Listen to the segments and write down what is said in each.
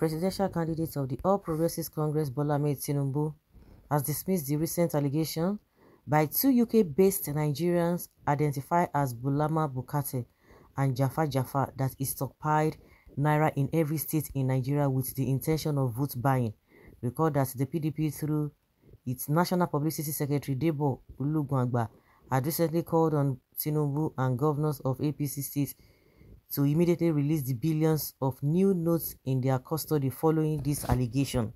presidential candidate of the All Progressives Congress, Bola Ahmed has dismissed the recent allegation by two UK-based Nigerians identified as Bulama Bukate and Jafar Jafar, that he stockpiled naira in every state in Nigeria with the intention of vote buying. Record that the PDP through its National Publicity Secretary Debo Ulugwangba had recently called on Tinubu and governors of APC states to immediately release the billions of new notes in their custody following this allegation.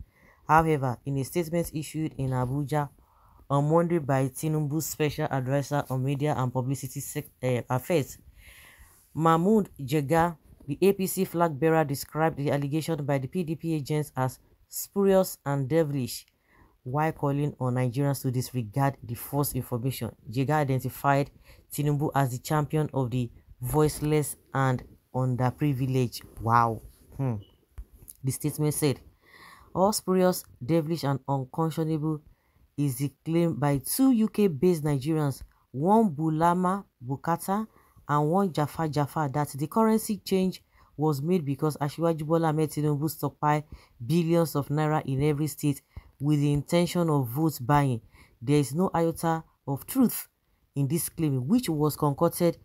However, in a statement issued in Abuja on Monday by Tinubu's special advisor on media and publicity uh, affairs, Mahmoud Jega, the APC flag bearer, described the allegation by the PDP agents as spurious and devilish while calling on Nigerians to disregard the false information. Jega identified Tinubu as the champion of the voiceless and underprivileged. Wow. Hmm. The statement said, all spurious, devilish, and unconscionable is the claim by two UK-based Nigerians, one Bulama Bukata and one Jaffa Jaffa, that the currency change was made because Asiwaju Bola Ahmed Tinubu stockpiled billions of naira in every state with the intention of vote buying. There is no iota of truth in this claim, which was concocted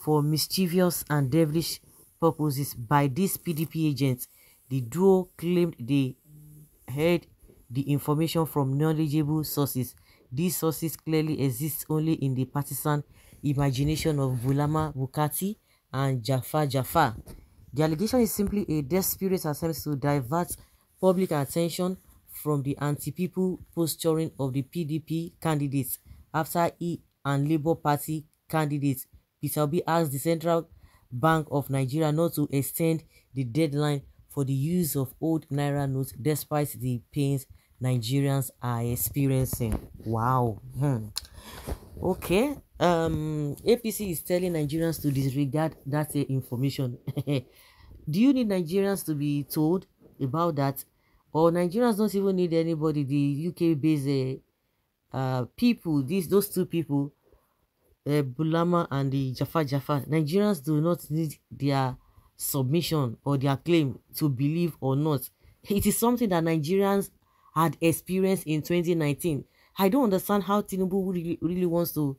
for mischievous and devilish purposes by these PDP agents. The duo claimed they heard the information from knowledgeable sources. These sources clearly exist only in the partisan imagination of Bulama Bukati and Jafar Jafar. The allegation is simply a desperate attempt to divert public attention from the anti-people posturing of the PDP candidates after he and Labour Party candidates shall be asked the Central Bank of Nigeria not to extend the deadline for the use of old Naira notes despite the pains Nigerians are experiencing. Wow. Hmm. Okay. Um, APC is telling Nigerians to disregard that information. Do you need Nigerians to be told about that? Or Nigerians don't even need anybody, the UK-based uh, uh, people, these, those two people, uh, Bulama and the Jaffa Jaffa, Nigerians do not need their submission or their claim to believe or not. It is something that Nigerians had experienced in 2019. I don't understand how Tinubu really, really wants to,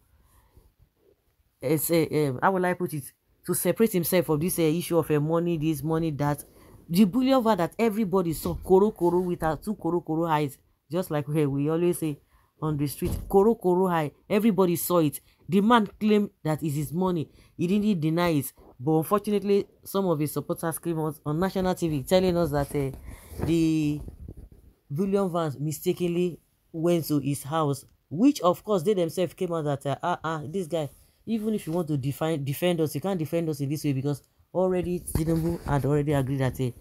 uh, say, uh, how will I put it, to separate himself from this uh, issue of uh, money this, money that. The bully over that everybody saw koro koro with her two koro koro eyes, just like we, we always say on the street, koro koro eye. Everybody saw it. The man claimed that it's his money. He didn't deny it. But unfortunately, some of his supporters came out on national TV telling us that uh, the William Vance mistakenly went to his house, which of course they themselves came out that, uh, ah, ah, this guy, even if you want to define, defend us, you can't defend us in this way because already Tinubu had already agreed that, uh,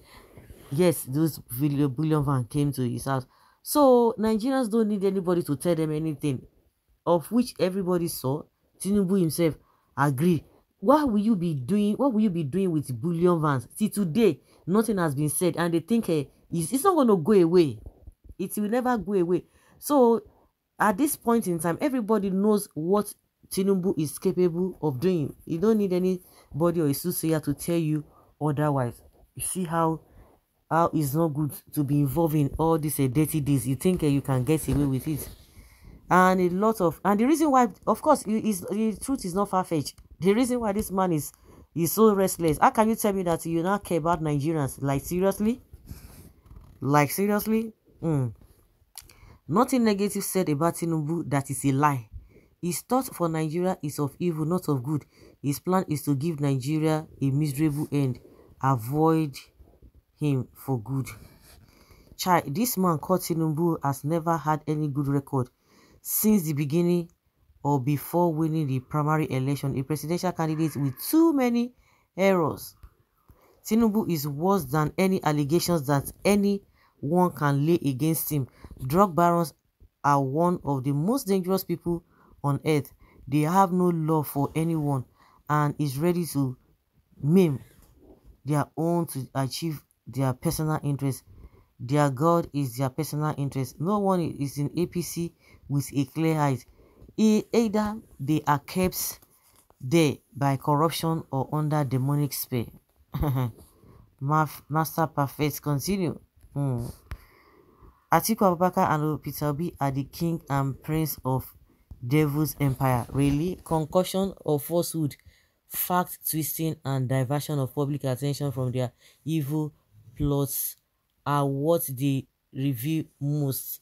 yes, those William Vance came to his house. So Nigerians don't need anybody to tell them anything, of which everybody saw tinubu himself agree what will you be doing what will you be doing with bullion vans till today nothing has been said and they think eh, it's, it's not going to go away it will never go away so at this point in time everybody knows what tinubu is capable of doing you don't need anybody or a soothsayer to tell you otherwise you see how how it's not good to be involved in all these uh, dirty deeds you think uh, you can get away with it and a lot of and the reason why of course is the truth is not far-fetched the reason why this man is is so restless how can you tell me that you not care about nigerians like seriously like seriously mm. nothing negative said about tinubu that is a lie his thought for nigeria is of evil not of good his plan is to give nigeria a miserable end avoid him for good Chai, this man called Tinubu has never had any good record since the beginning or before winning the primary election, a presidential candidate with too many errors. Tinubu is worse than any allegations that anyone can lay against him. Drug barons are one of the most dangerous people on earth. They have no love for anyone and is ready to maim their own to achieve their personal interests. Their God is their personal interest. No one is in APC with a clear eyes. Either they are kept there by corruption or under demonic spell. Master Perfect continue. Hmm. Atiku Abubakar and Peter are the king and prince of devil's empire. Really? Concussion of falsehood, fact twisting and diversion of public attention from their evil plots are what they review most.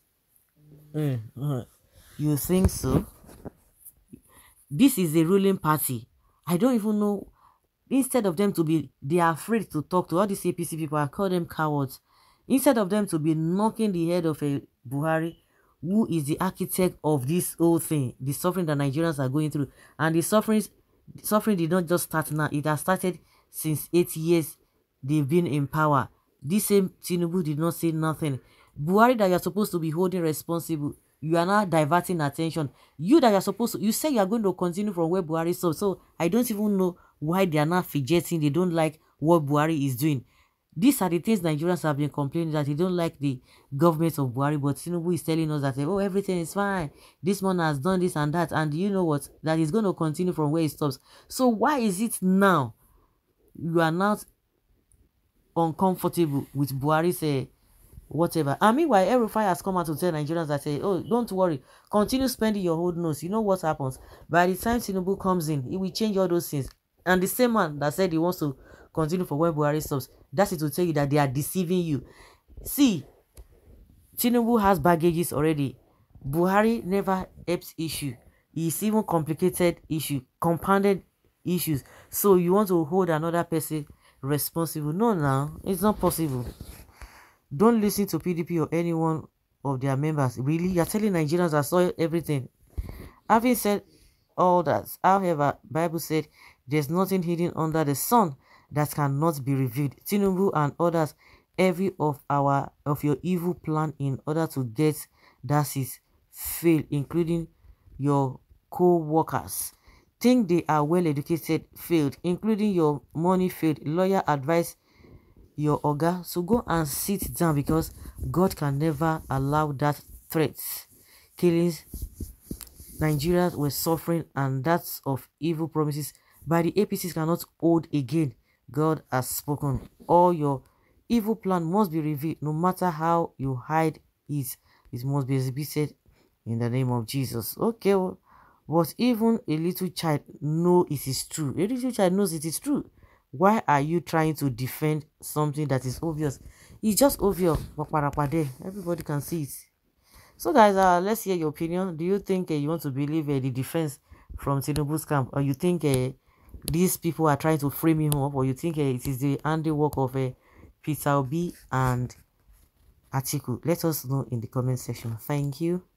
Mm, mm. You think so? This is a ruling party. I don't even know. Instead of them to be, they are afraid to talk to all these APC people. I call them cowards. Instead of them to be knocking the head of a Buhari, who is the architect of this whole thing, the suffering that Nigerians are going through, and the suffering, suffering did not just start now. It has started since eight years they've been in power. This same Tinubu did not say nothing. Buhari that you're supposed to be holding responsible, you are now diverting attention. You that you're supposed to, you say you are going to continue from where Buhari stopped. So I don't even know why they are now fidgeting. They don't like what Buhari is doing. These are the things Nigerians have been complaining that they don't like the government of Buhari, but Tinubu is telling us that eh, oh everything is fine. This man has done this and that, and you know what? That is going to continue from where it stops. So why is it now you are not uncomfortable with Buhari, say whatever. And meanwhile, Erufai has come out to tell Nigerians that, say, oh, don't worry, continue spending your old nose. You know what happens. By the time Tinubu comes in, he will change all those things. And the same man that said he wants to continue for when Buhari stops, that's it to tell you that they are deceiving you. See, Tinubu has baggages already. Buhari never helps issue. It's even complicated issue, compounded issues. So you want to hold another person responsible. No, now it's not possible. Don't listen to PDP or anyone of their members. Really, you're telling Nigerians I saw everything. Having said all that, however, Bible said there's nothing hidden under the sun that cannot be revealed. Tinubu and others, every of our of your evil plan in order to get that is failed, including your co-workers think they are well-educated field, including your money field, lawyer advice, your ogre. So go and sit down because God can never allow that threats, killings. Nigerians were suffering and that's of evil promises by the APCs cannot hold again. God has spoken. All your evil plan must be revealed, no matter how you hide it. It must be exhibited in the name of Jesus. Okay, well, but even a little child know it is true. A little child knows it is true. Why are you trying to defend something that is obvious? It's just obvious. Everybody can see it. So guys, uh, let's hear your opinion. Do you think uh, you want to believe uh, the defense from Tinubu's camp? Or you think uh, these people are trying to frame him up? Or you think uh, it is the handiwork of uh, Peter and Atiku? Let us know in the comment section. Thank you.